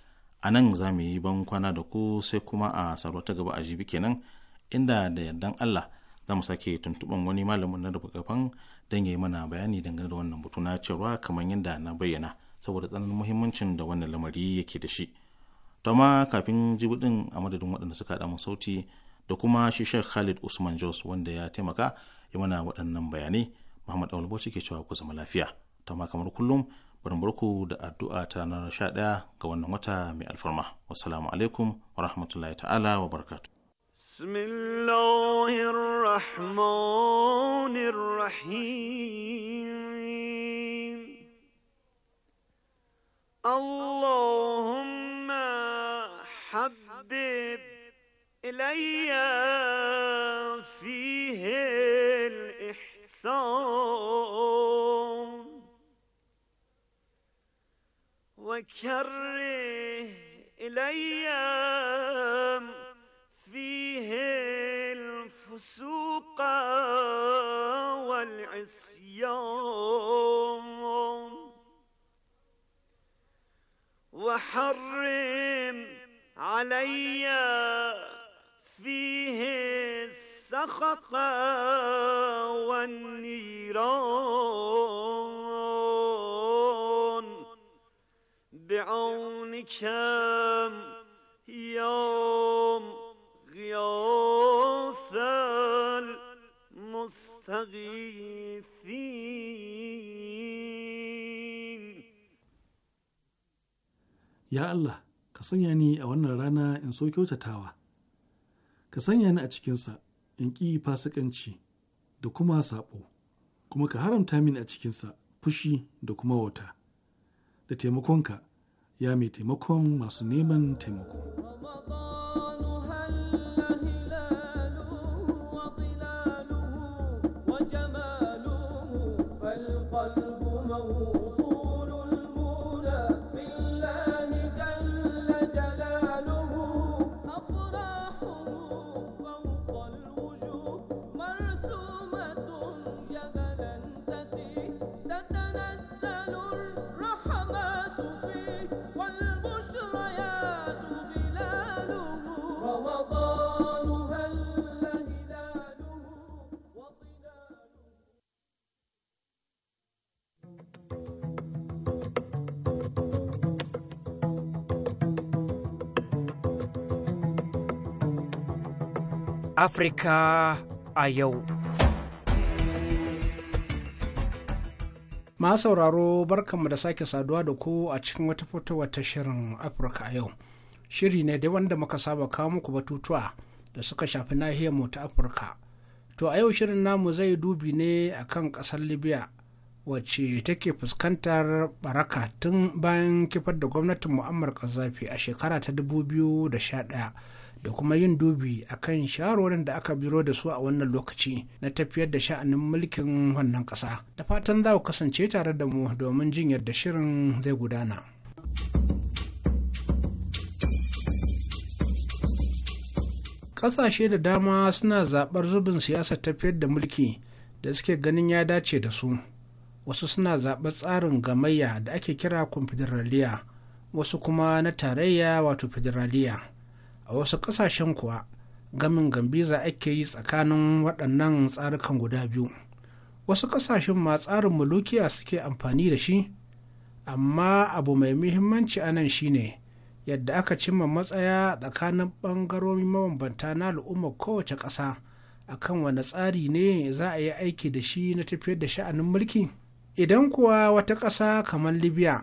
a nan za mu yi ban kwana da ku sai kuma a sarauta gaba a jibi kenan inda da yardan Allah za mu sake tuntuɓan wani malamin na rubutun don ya yi mana bayani dangane da wannan batu na cewa kamar yadda na bayyana saboda tsananin muhimmancin da wannan lamari yake da shi to ma kafin jibudin a madadin waɗanda suka haɗa mun sauti da kuma shi shek Khalid Usman Jos wanda ya taimaka ya mana waɗannan bayanai Muhammad Awul Bauchi ke cewa ku zama lafiya to ma kamar kullum bari barku da addu'a ta ranar 11 ga wannan wata mai alfarma wassalamu alaikum wa rahmatullahi ta'ala wa barakatuh بسم الله الرحمن الرحيم اللهم حبب إلي فيه الإحسان وكره إلي فيه الفسوق والعصيان وحرم علي فيه السخط والنيران بعونك يوم مستغيثين Allah, ka sanya ni a wannan rana in so kyautatawa ka sanya ni a cikinsa in ƙi fasikanci da kuma saɓo kuma ka haramta mini a cikinsa fushi da kuma wauta da taimakonka ya mai taimakon masu neman taimako. Afirka a yau. Ma sauraro barkanmu da sake saduwa da ku a cikin wata fitowar ta shirin Afirka a yau. Shiri ne dai wanda muka saba kawo muku batutuwa da suka shafi nahiyar mu ta Afirka. To a yau shirin namu zai dubi ne akan ƙasar Libya wacce take fuskantar baraka tun bayan kifar da gwamnatin Muammar zafi a shekara ta 2011. da kuma yin dubi a kan shawarwarin da aka biro da su a wannan lokaci na tafiyar da sha'anin mulkin wannan ƙasa da fatan za ku kasance tare da mu domin jin yadda shirin zai gudana. Ƙasashe da dama suna zaɓar zubin siyasar tafiyar da mulki da suke ganin ya dace da su. Wasu suna zaɓar tsarin gamayya da ake kira confederalia wasu kuma na tarayya wato federaliya. a wasu ƙasashen kuwa gamin gambiza ake yi tsakanin waɗannan tsarukan guda biyu wasu ƙasashen ma tsarin mulukiya suke amfani da shi amma abu mai muhimmanci a shi shine yadda aka cimma matsaya tsakanin ɓangarori mabambanta na al'ummar kowace ƙasa akan wani tsari ne za a yi aiki da shi na tafiyar da sha'anin mulki idan kuwa wata ƙasa kamar libya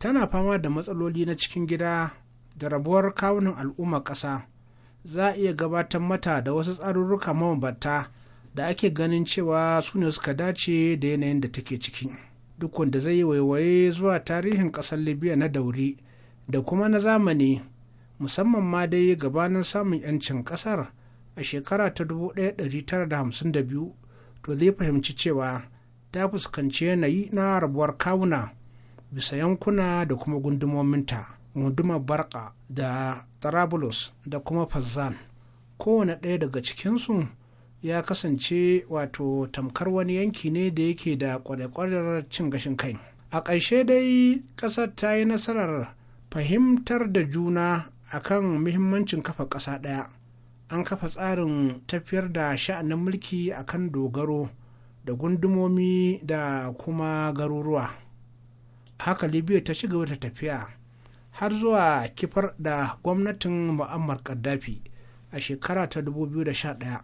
tana fama da matsaloli na cikin gida da rabuwar kawunan al'umma ƙasa za a iya gabatar mata da wasu tsarurruka mabambanta da ake ganin cewa su ne suka dace da yanayin da take ciki duk wanda zai yi waiwaye zuwa tarihin ƙasar libya na dauri da kuma na zamani musamman ma dai gabanin samun 'yancin ƙasar a shekara ta 1952 to zai fahimci cewa ta fuskanci yanayi na rabuwar kawuna bisa yankuna da kuma gundumominta gundumar barka da Tarabulus da kuma Fazzan kowane ɗaya daga cikinsu ya kasance wato tamkar wani yanki ne da yake da kwarekwarar cin gashin kai a ƙarshe dai ƙasar ta yi nasarar fahimtar da juna akan muhimmancin kafa ƙasa ɗaya an kafa tsarin tafiyar da sha'anin mulki akan dogaro da gundumomi da kuma garuruwa haka libya ta ci gaba da tafiya har zuwa kifar da gwamnatin mu'ammar gaddafi a shekara ta 2011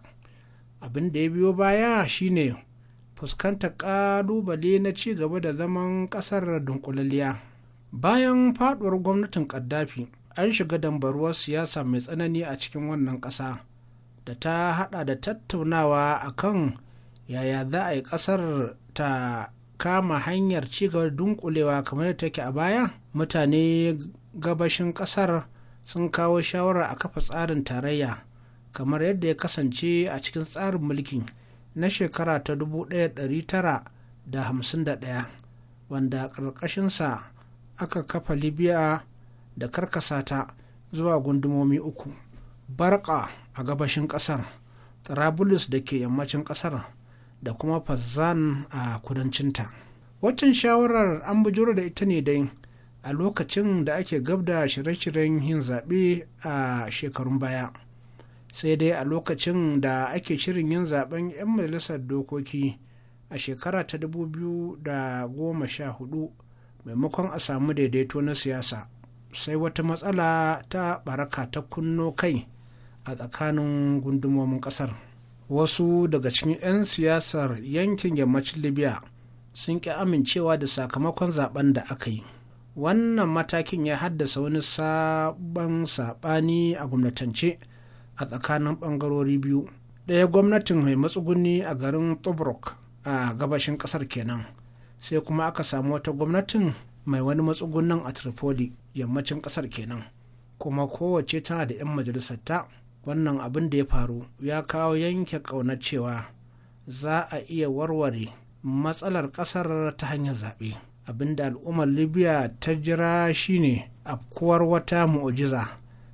abin da ya biyo baya shine fuskantar ƙalubale na ci gaba da zaman ƙasar dunkulaliya bayan faduwar gwamnatin gaddafi an shiga dambaruwar siyasa mai tsanani a cikin wannan ƙasa da ta hada da tattaunawa a kan yaya za a yi ƙasar ta kama hanyar cigaba dunkulewa kamar da take a baya mutane gabashin kasar sun kawo shawara a kafa tsarin tarayya kamar yadda ya kasance a cikin tsarin mulkin na shekara ta 1951 wanda ƙarƙashinsa aka kafa libya da Karkasa ta zuwa gundumomi uku barka a gabashin ƙasar trabulus da ke yammacin ƙasar da kuma fazan a kudancinta waccan shawarar an bujuro da ita ne dai a lokacin da ake gab da shirye-shiryen yin zaɓe a shekarun baya sai dai a lokacin da ake shirin yin zaɓen 'yan majalisar dokoki a shekara ta 2014 maimakon a samu daidaito na siyasa sai wata matsala ta baraka ta kunno kai a tsakanin gundumomin kasar wasu daga cikin 'yan siyasar yankin yammacin libya sun ƙi amincewa da sakamakon zaben da aka yi wannan matakin ya haddasa wani sabon sabani a gwamnatance a tsakanin ɓangarori biyu ɗaya gwamnatin mai matsuguni a garin tobruk a gabashin ƙasar kenan sai kuma aka samu wata gwamnatin mai wani matsugunan a tripoli yammacin ƙasar kenan kuma kowace tana da 'yan majalisarta wannan abin da ya faru ya kawo yanke ƙaunar cewa za a iya warware matsalar ƙasar ta hanyar zaɓe. abinda al'ummar libya ta jira shine afkuwar wata mu'ujiza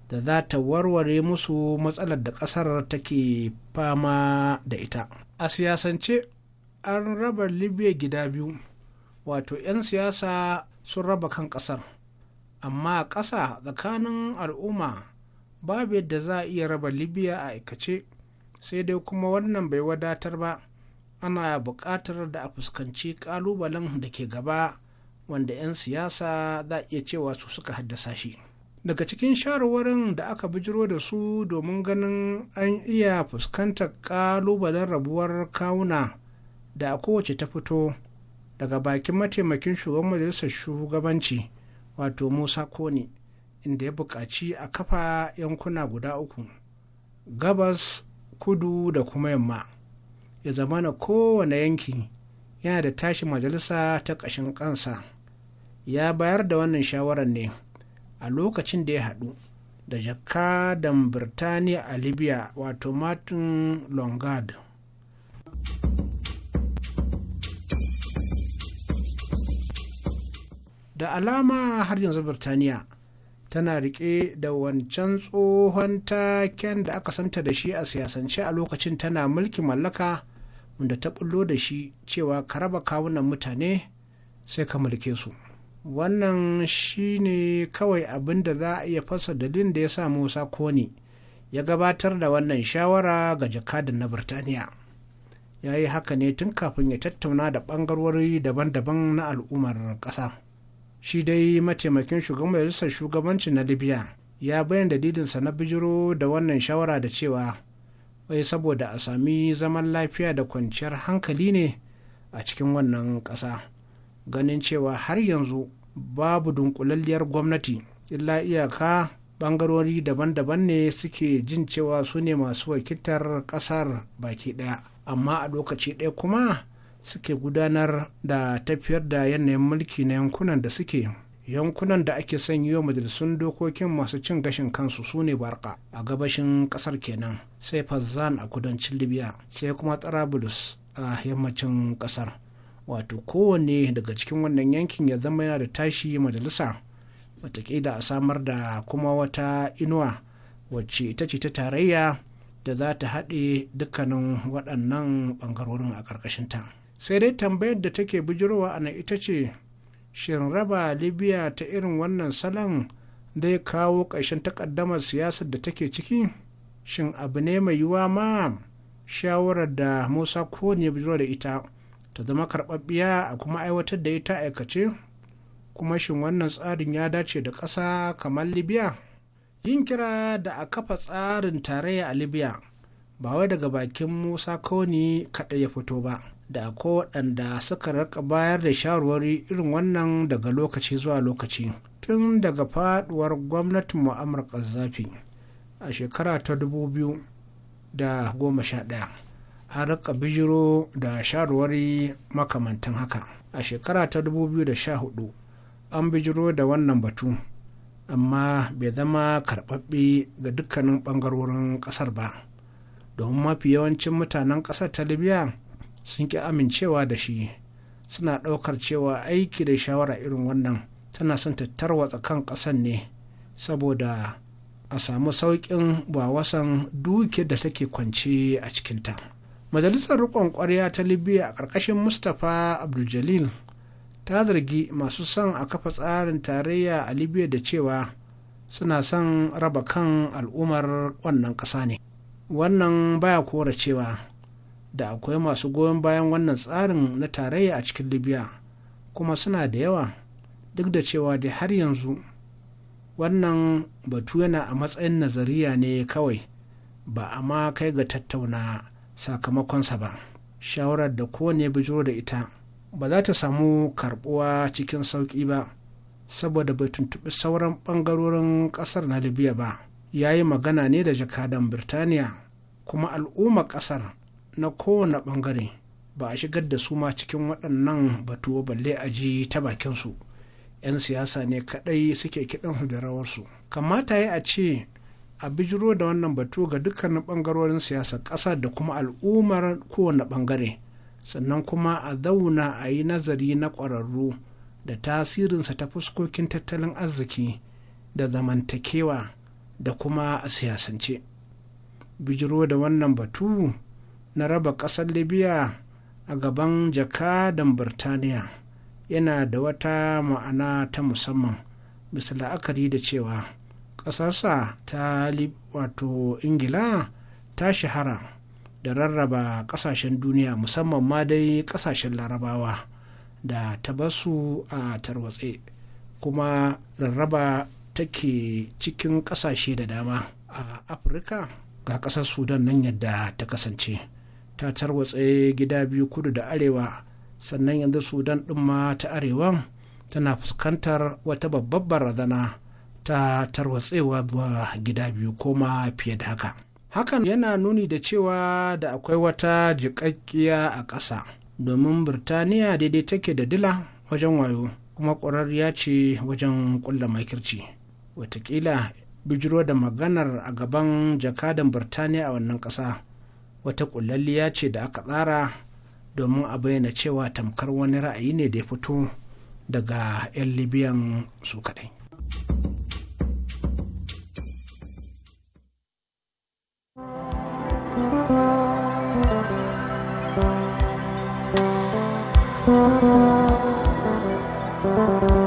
da za ta warware musu matsalar da ƙasar take fama da ita a siyasance an raba libya gida biyu wato 'yan siyasa sun raba kan ƙasar amma a ƙasa tsakanin al'umma babu yadda za a iya raba libya a aikace sai dai kuma wannan bai wadatar ba ana buƙatar da a fuskanci ƙalubalen da ke gaba wanda 'yan siyasa za iya cewa su suka haddasa shi daga cikin shawarwarin da aka bijiro da su domin ganin an iya fuskantar ƙalubalen rabuwar kawuna da a kowace ta fito daga bakin mataimakin shugaban majalisar shugabanci wato musa Koni, inda ya buƙaci a kafa yankuna guda uku gabas kudu da kuma yamma ya zama na kowane yanki yana da tashi majalisa ta ƙashin kansa ya bayar da wannan shawarar ne a lokacin da ya haɗu da jakadan birtaniya a libya wato martin longard da alama har yanzu birtaniya tana rike da wancan tsohon taken da aka santa da shi a siyasance a lokacin tana mulki mallaka wanda ta bullo da shi cewa ka raba kawunan mutane sai ka mulke su wannan shi ne kawai abin da za a iya fasa dalilin da ya sa musa kone ya gabatar da wannan shawara ga jakadan na birtaniya ya yi haka ne tun kafin ya tattauna da ɓangarori daban-daban na al'ummar ƙasa shi dai mataimakin shugaban majalisar shugabanci na libya ya bayan dalilinsa na bijiro da wannan shawara da cewa wai saboda a sami zaman lafiya da kwanciyar hankali ne a cikin wannan ƙasa ganin cewa har yanzu babu dunkulalliyar gwamnati illa iyaka bangarori daban-daban ne suke jin cewa su ne masu wakiltar ƙasar baki ɗaya amma a lokaci ɗaya kuma suke gudanar da tafiyar da yanayin mulki na yankunan da suke yankunan da ake son yi wa majalisun dokokin masu cin gashin kansu su ne barka a gabashin ƙasar kenan sai fazan a kudancin Libya sai kuma Trablus a yammacin kasar. Wato kowanne daga cikin wannan yankin ya zama yana da tashi majalisa watakila a samar da kuma wata inuwa wacce ita ce ta tarayya da za ta haɗe dukkanin waɗannan ɓangarorin a ƙarƙashin ta. Sai dai tambayar da take bijirowa a nan ita ce shin raba Libya ta irin wannan salon zai kawo ƙarshen takaddamar siyasar da take ciki? shin abu ne mai yiwuwa ma shawarar da musa kone ya bijiro da ita ta zama karɓaɓɓiya a kuma aiwatar da ita aikace kuma shin wannan tsarin ya dace da ƙasa kamar libya yin kira da a kafa tsarin tarayya a libya ba wai daga bakin musa kone kaɗai ya fito ba da ko waɗanda suka raka bayar da shawarwari irin wannan daga lokaci zuwa lokaci tun daga faɗuwar gwamnatin mu'amar zafi. a shekara ta dubu biyu da goma 2011 an rika bijiro da sharuwari makamantan haka a shekara ta 2014 an bijiro da wannan batu amma bai zama karɓaɓɓe ga dukkanin ɓangarorin ƙasar ba domin mafi yawancin mutanen ƙasar ta libya sun ƙi amincewa da shi suna ɗaukar cewa aiki da shawara irin wannan tana son tattarwa tsakan kan ƙasar ne saboda a samu sauƙin bawasan duke da take kwance a cikinta majalisar riƙon ƙwarya ta libya a ƙarƙashin mustapha Abduljalil ta zargi masu son a kafa tsarin tarayya a libya da cewa suna son raba kan al'ummar wannan ƙasa ne wannan baya kora cewa da akwai masu goyon bayan wannan tsarin na tarayya a cikin libya kuma suna da yawa duk da cewa da har yanzu wannan batu yana a matsayin nazariya ne kawai ba a ma kai ga tattauna sakamakonsa ba shawarar da kowane bijiro da ita ba za ta samu karbuwa cikin sauƙi ba saboda bai tuntuɓi sauran ɓangarorin ƙasar na libya ba ya yi magana ne da jakadan birtaniya kuma al'umma ƙasar na kowane ɓangare ba a shigar da su ma cikin waɗannan batu balle a ji ta bakinsu 'yan siyasa ne kaɗai suke kiɗan da rawarsu kamata ya a ce a bijiro da wannan batu ga dukkanin ɓangarorin siyasar ƙasa da kuma al'ummar kowane ɓangare sannan kuma a zauna a yi nazari na ƙwararru da tasirinsa ta fuskokin tattalin arziki da zamantakewa da kuma a siyasance bijiro da wannan batu na raba ƙasar libya a gaban jakadan birtaniya yana da wata ma'ana ta musamman bisa la'akari da cewa ƙasarsa ta wato ingila ta shahara da rarraba ƙasashen duniya musamman ma dai ƙasashen larabawa da ta basu a tarwatse kuma rarraba take cikin ƙasashe da dama a afirka ga ƙasar sudan nan yadda ta kasance ta tarwatse gida biyu kudu da arewa sannan yanzu sudan ɗin ma ta arewan tana fuskantar wata babbar barazana ta tarwatsewa zuwa gida biyu koma fiye da haka hakan yana nuni da cewa da akwai wata jiƙaƙƙiya a ƙasa domin birtaniya daidai take da dila wajen wayo kuma ƙwararriya ce wajen ƙulla makirci watakila bijiro da maganar a gaban jakadan birtaniya a wannan ƙasa wata ƙullalliya ce da aka tsara domin a bayyana cewa tamkar wani ra'ayi ne da ya fito daga 'yan libyan su kaɗai. thank you